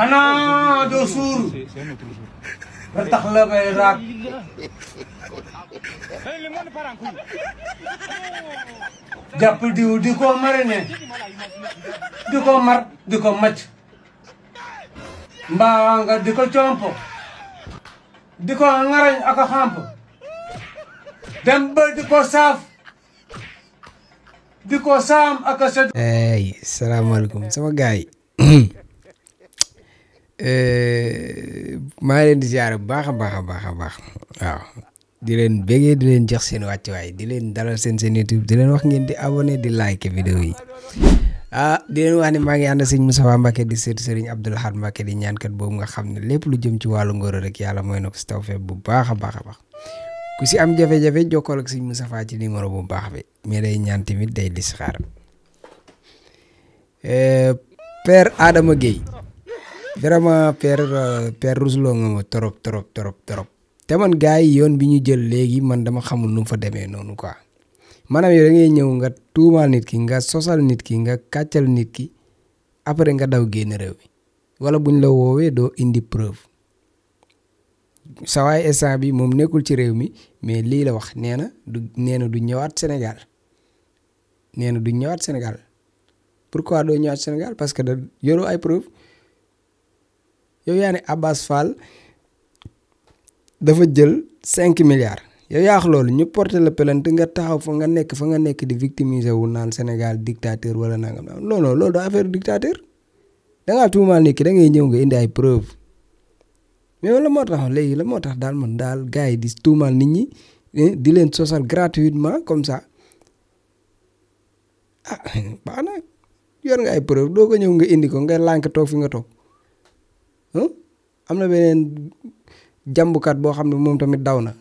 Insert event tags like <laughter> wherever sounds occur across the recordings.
Hana dosur. bertakhlab Irak. jàpp di di ko marine di ko mar di ko macc mbaa nga di ko compo di ko ngarañ ak a dem ba di ko saf. di ko sam ak a sed. salaamaaleykum sama gaay <clears throat> Euh, maa ngi leen di ziare bu baax a baax a baax a baax waaw di leen bégee di leen jox seen wàccuwaay di leen dalal seen seen YouTube di leen wax ngeen di abonné di like vidéo yi ah di leen wax ne maa ngi ànd sëñ Moustapha Mbacke di seet sëriñ Abdoul Ahad Mbacke di ñaankat boobu nga xam ne lépp lu jëm ci wàllu ngóor rek yàlla mooy na ko si tawfeex bu baax a baax a baax ku si am jafe-jafe jokkool ak sëñ Moustapha ci numéro bu baax bi mais day ñaan tamit day dis euh, Père Adama Guèye vraiment père père rusloo nga ma torop torop torop torop te man gaay yoon bi ñu jël léegi man dama xamul nu fa demee noonu quoi manam yow da ngay ñëw nga tuumaal nit ki nga sosal nit ki nga kàccal nit ki après nga daw génn réew bi wala buñ la woowee doo indi preuve sawaay instant bi moom nekkul ci réew mi mais lii la wax nee na du nee na du ñëwaat Sénégal nee na du ñëwaat Sénégal pourquoi doo ñëwaat Sénégal parce que da yoroo ay preuve yow yaa ne abbas Fall dafa jël 5 milliards yow yaa wax loolu ñu porter le pelant nga taxaw fa nga nekk fa nga nekk di victimiser wu naan Sénégal dictateur wala nangam non non loolu do affaire dictateur da ngaa tuumaal nit ki da ngay ñëw nga indi ay preuve mais wala moo tax léegi la moo tax daal man daal gars yi di tuumaal nit ñi eh, di leen sosal gratuitement comme ça ah <laughs> baax na yor nga ay preuve doo ko ñëw nga indi ko nga lànk toog fi nga toog. am na beneen jàmbukat boo xam ne moom tamit daw na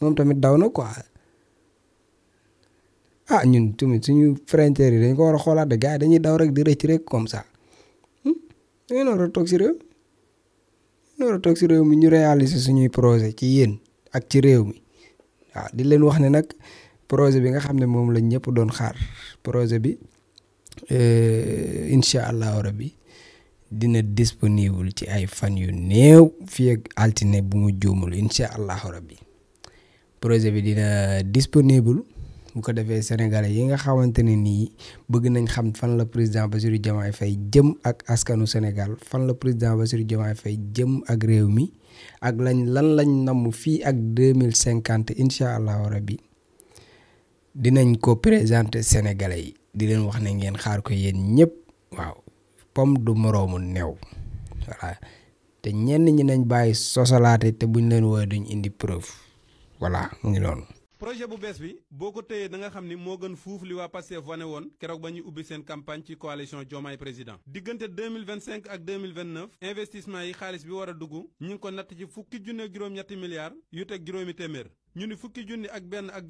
moom tamit daw na ko ah ñun tamit suñu frontières yi dañ ko war a xoolaat de gars yi dañuy daw rek di rëcc rek comme ça dañu war a toog si réew dañu war a toog si réew mi ñu réaliser suñuy projet ci yéen ak ci réew mi waaw di leen wax ne nag projet bi nga xam ne moom lañ ñëpp doon xaar projet bi euh, incha allahu rabbi dina disponible ci ay fan yu néew fii ak altine bu mu juumul incha allahu rabbi projet bi dina disponible bu ko defee sénégalais yi nga xamante ne nii bëgg nañ xam fan la président Bassirou Diomaye fay jëm ak askanu Sénégal fan la président Bassirou Diomaye fay jëm ak réew mi ak lañ lan lañ namm fii ak deux mille cinquante incha allahu rabbi dinañ ko présenter sénégalais yi di leen wax ne ngeen xaar ko yéen ñëpp waaw boppam du moroomu new voilà te ñenn ñi nañ bàyyi sosalaate te buñ leen woowee duñ indi preuve voilà mu ngi noonu. projet bu bees bi boo ko téyee da nga xam ni moo gën fuuf li waa Pastef wane woon keroog ba ñuy ubbi seen campagne ci coalition Diomaye président diggante 2025 ak 2029 investissement yi xaalis bi war a dugg ñu ngi ko natt ci fukki junne juróom-ñetti milliards yu teg juróomi téeméer ñu ni fukki junni ak benn ak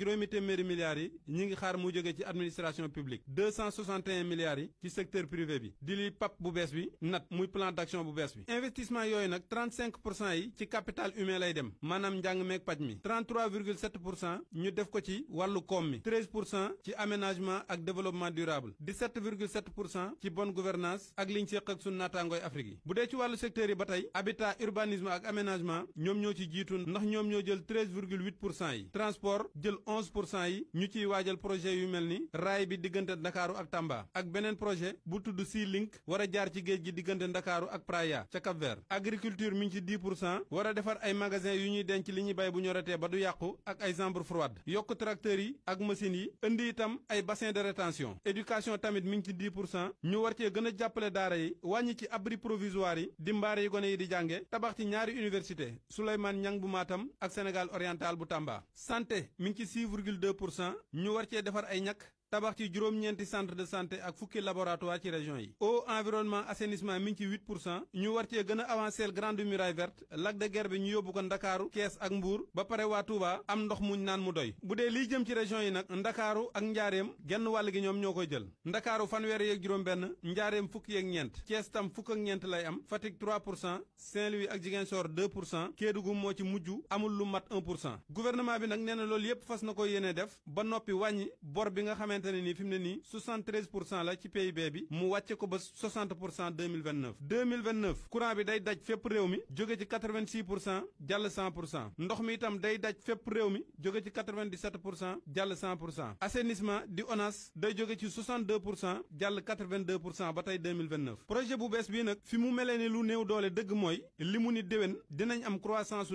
milliards yi ñi ngi xaar mu ci administration publique 261 milliards yi ci secteur privé bi di li PAP bu bees bi nat muy plan d'action bu bi investissement yoy nak 35 qui yi ci capital humain lay dem Manam njàng meeg paj mi 33 ñu def ko ci mi 13 qui ci aménagement ak développement durable 17,7% qui ci bonne gouvernance ak liñ séq ak sunu naataangooy Afrique yi bu dee ci secteur yi ba habitat urbanisme ak aménagement ñoom ñoo ci jiitu ndax ñoom ñoo jël pour cent yi transport jël onze pour cent yi ñu ciy waajal projet yu mel ni raay bi diggante ndakaaru ak Tamba ak beneen projet bu tudd Sea Link war a jaar ci géej gi diggante ndakaaru ak Praia ca Cap Vert agriculture mi ngi ci dix pour cent war a defar ay magasin yu ñuy denc li ñuy bay bu ñoretee ba du yàqu ak ay chambre froide yokk tracteurs yi ak machines yi indi itam ay bassin de rétention éducation tamit mi ngi ci dix pour cent ñu war cee gën a jàppale daara yi wàññi ci abri provisoire yi di mbaare yi gone yi di jànge tabax ci ñaari université Souleymane Niang bu Tamba sante mi ngi ci 6,2 pour cent ñu war cee defar ay ñakk tabax ci juróom-ñeenti centre de santé ak fukki laboratoire ci région yi eau environnement assainissement mi ngi ci 8 pour cent ñu war cee gën a avanceel grande muraille verte lac de ñu yóbbu ko ndakaaru Thiès ak Mbour ba pare waa Touba am ndox muñ naan mu doy bu dee lii jëm ci région yi nag ndakaaru ak njaareem genn wàll gi ñoom ñoo koy jël ndakaaru fanweer yeeg juróom benn njaareem fukki yeeg ñeent Thiès tam fukk ak ñeent lay am Fatick 3 pour cent Saint-Louis ak Ziguinchor 2 pour cent Kédougou moo ci mujj amul lu mat pour cent gouvernement bi nag nee na loolu yépp fas na ko yéene def ba noppi wàññi xamante ne nii fi mu ne nii 73 pour cent la ci PIB bi mu wàcce ko ba 60 pour cent 2029 2029 courant bi day daj fépp réew mi jóge ci 86 pour cent jàll 100 pour cent ndox mi itam day daj fépp réew mi jóge ci 97 pour cent jàll 100 pour cent assainissement di ONAS day jóge ci 62 pour cent jàll 82 pour cent ba tey 2029 projet bu bees bii nag fi mu melee ni lu néew doole dëgg mooy li mu ni déwén dinañ am croissance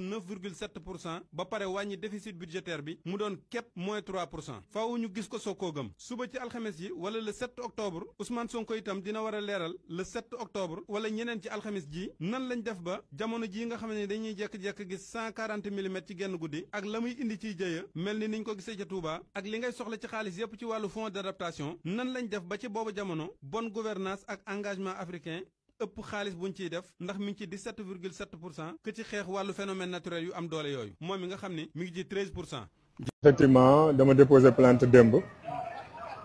pour cent ba pare wàññi déficit budgétaire bi mu doon képp moins 3 pour cent ñu gis ko soo koo gëm suba ci alxames yi wala le 7 octobre Ousmane Sonko itam dina wara leral le 7 octobre wala ñeneen ci alxames ji nan lañ def ba jamono ji nga xam dañuy jekk-jekk gis 140 mm ci genn guddi ak lamuy indi ci jëya melni niñ ko gisé ci Touba ak li ngay soxla ci xaalis yépp ci walu fonds d'adaptation nan lañ def ba ci bobu jamono bonne gouvernance ak engagement africain ëpp xaalis buñ ciy def ndax mi ngi ci 17,7% ke ci xeex wàllu phénomène naturel yu am doole yooyu moom mi nga xam ne mi ngi ci 13 effectivement dama déposé plante démb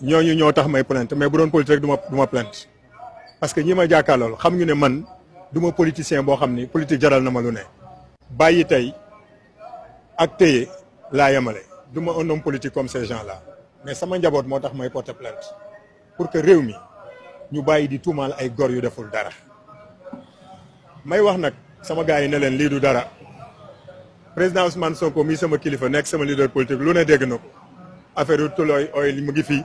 ñooñu ñoo tax may plainte mais bu doon politique rek du ma du ma parce que ñi ma jàkkaarlool xam ñu ne man du ma politicien boo xam ni politique jaral na ma lu ne. bàyyi tey ak téye la yamale du ma un homme politique comme ces gens là mais sama njaboot moo tax may porter plainte pour que réew mi ñu bàyyi di tuumaal ay gor yu deful dara may wax nag sama gars yi ne leen lii du dara président Ousmane Sonko mii sama kilifa nekk sama leader politique lu ne dégg na ko affaire yu li mu ngi fii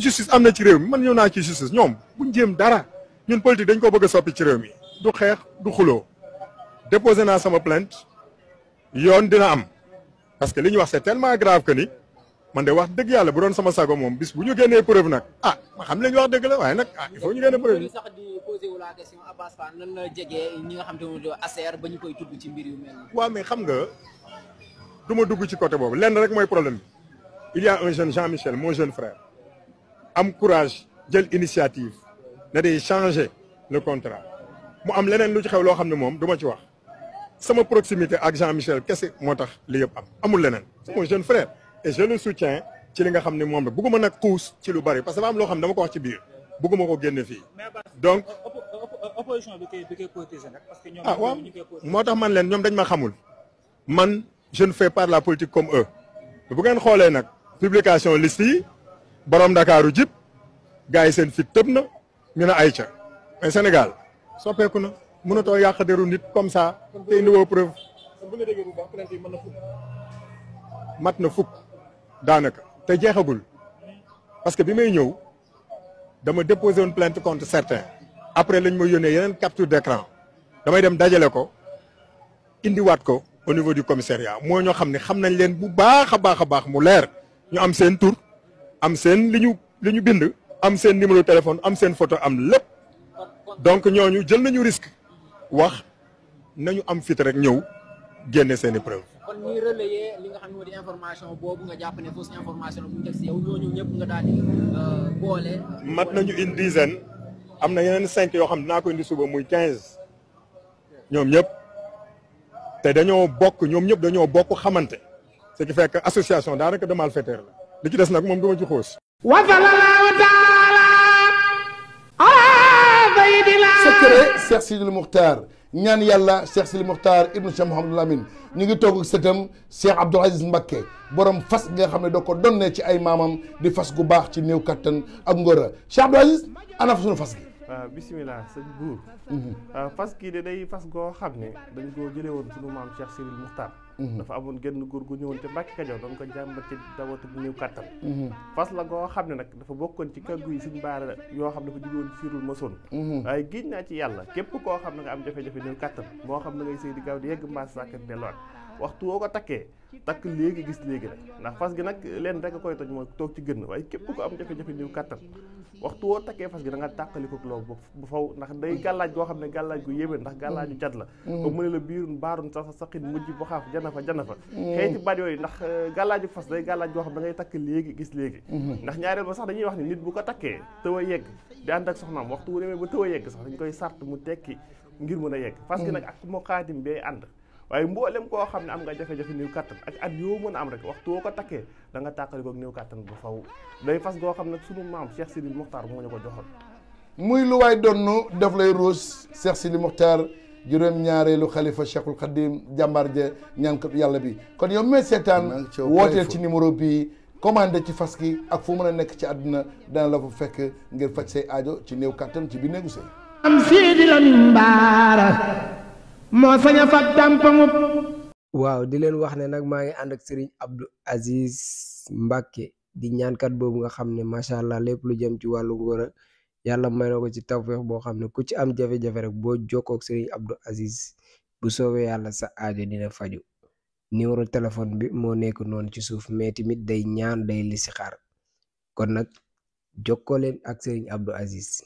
justice amna ci réew mi man ñëw naa ci justice ñom buñ jéem dara ñun politique dañ ko bëgg soppi ci réew mi du xex du xulo déposer na sama plainte yoon dina am parce que li ñu wax c'est tellement grave que ni man de wax deug yalla bu doon sama sago mom bis bu ñu génnee preuve nak ah ma xam li wax deug la waaye nak ah il faut ñu gënné preuve. sax di posé wu la question Abass Fall nan la jegee ñi nga xam te do ACR ba koy tuddu ci mbir yu mel waaw mais xam nga duma dugg ci côté bobu lenn rek moy problème il y a un jeune Jean Michel mon jeune frère am courage jël initiative ne day changer le contrat mu am leneen lu ci xew loo xam ne moom du ma ci wax sama proximité ak Jean Michel kese moo tax li yëpp am amul leneen c'est mon jeune frère et je le soutiens ci li nga xam ne moom la bëgguma nag xuus ci lu bari parce que dafa am loo xam dama ko wax ci biir bëgguma ko génne fii donc opposition bi kay bi koy politiser nag parce que ñoom ah waaw moo tax man leen ñoom dañ ma xamul man je ne fais pas de la politique comme eux bu ngeen xoolee nag publication liste yi borom ndakaaru jip gars sen fi fit tëb na ñu ayca mais Sénégal sopeku na mënatoo yàq deru nit comme ça te indiwoo preuve. bu nga déggee bu baax plainte yi fuk mat na fuk danaka te jeexagul parce que bi may ñëw dama déposer une plainte contre certains après lañ ma yone yenen capture d'écran damay dem dajale ko indi wat ko au niveau du commissariat moo ñu xamni xam nañ leen bu baax a baax mu leer ñu am sen tour am sen liñu liñu bind am sen numéro téléphone am sen photo am lepp donc ñoñu jël nañu risque wax nañu am fit rek ñew génné seen i preuve. kon ñuy relayer li nga xamni ne information boobu nga japp né fausse information bu njëkk si yow ñoñu ñëpp nga daal di euh, boole. mat nañu une dizaine am na yeneen cinq yoo xam dinaa ko indi suba muy 15 ñom ñëpp té dañoo bok ñom ñëpp dañoo bok xamanté ce qui fait que association daanaka de malfaiteurs la. li ci des nag moom duma ci xuus secret Cheikh Sidil Mukhtar ñaan yàlla Cheikh Sidil Mukhtar ibnu Cheikh Mouhamadul Amin ñu ngi toog ak sëtam Cheikh Abdoul Aziz Mbacké borom fas gi nga xam ne doo ko donnee ci ay maamam di fas gu baax ci néew kattan ak ngóora Cheikh Abdoul Aziz ana fa suñu fas gi waaw ah, bisimilah sëñ buur mhm. ah, fas gi de day fas goo xam ne dañ koo jëlee woon suñu maam Cheikh Sidil Mukhtar Mm-hmm. dafa amoon genn góor gu ñëwoon ca Mbàkke Kajoor doon ko jàmbat ci dawatu bu néew kàttan mm-hmm. fas la goo xam ne nag dafa bokkoon ci kàggu yi suñ baara yoo xam ne dafa jugoon siirul masoon mm-hmm. waaye giñ naa ci yàlla képp koo xam ne nga am jafe-jafe néew kàttan moo xam ne ngay sëy di gaaw di yegg mbaas sàkkat delluwaat waxtu woo ko takkee takk léegi gis léegi rek ndax fas gi nag leen rek a koy toj moo toog ci gën waaye képp ko am jafe-jafe niw waxtu woo takkee fas gi da nga tàqaliko loolu bu faw ndax day gàllaaj goo xam ne gàllaaj gu yéeme ndax gàllaaju jat la ba mm. la biirun baarun sa sa saqin mujj bu xaaf jana fa jana fa mm. xëy ci baat yooyu ndax euh, gàllaaju fas day gàllaaj goo xam da ngay léegi gis léegi mm-hmm. ndax ñaareel ba sax dañuy wax ne nit bu ko takkee tëw a yegg di ànd ak soxnaam waxtu wu demee ba tëw a yegg sax dañ koy sart mu tekki ngir mën a yegg mm. fas gi nag ak moo xaatim ànd waaye mboolem koo xam ne am nga jafe-jafe néew kàttan ak at yoo mën a am rek waxtu woo ko takkee da nga tàqali ko néew kàttan bu faw day fas goo xam ne sunu maam Cheikh Sidi Mokhtar moo ñu ko joxoon muy lu waay donnu daf lay ruus Cheikh Sidi Mokhtar xalifa Cheikhul Khadim jàmbaar ja ñaankat yàlla bi kon yow mee seetaan wooteel ci numéro bi commandé ci fas gi ak fu mën a nekk ci àdduna dana la fa fekk ngir faj say aajo ci néew kàttan ci bi néegu sëy am siidi la min baara moo sañ a fat tàmpaŋub waaw di leen wax ne nag maa ngi ànd ak Serigne Abdou Aziz Mbacke di ñaankat boobu nga xam ne macha allah lépp lu jëm ci wàllu ngóor yàlla may ko ci tawféex boo xam ne ku ci am jafe-jafe rek boo jokkoo ak Serigne Abdou bu soowee yàlla sa aajo dina faju numéro téléphone bi moo nekk noonu ci suuf mais tamit day ñaan day listixaar kon nag jokkoo leen ak Serigne Abdou Aziz.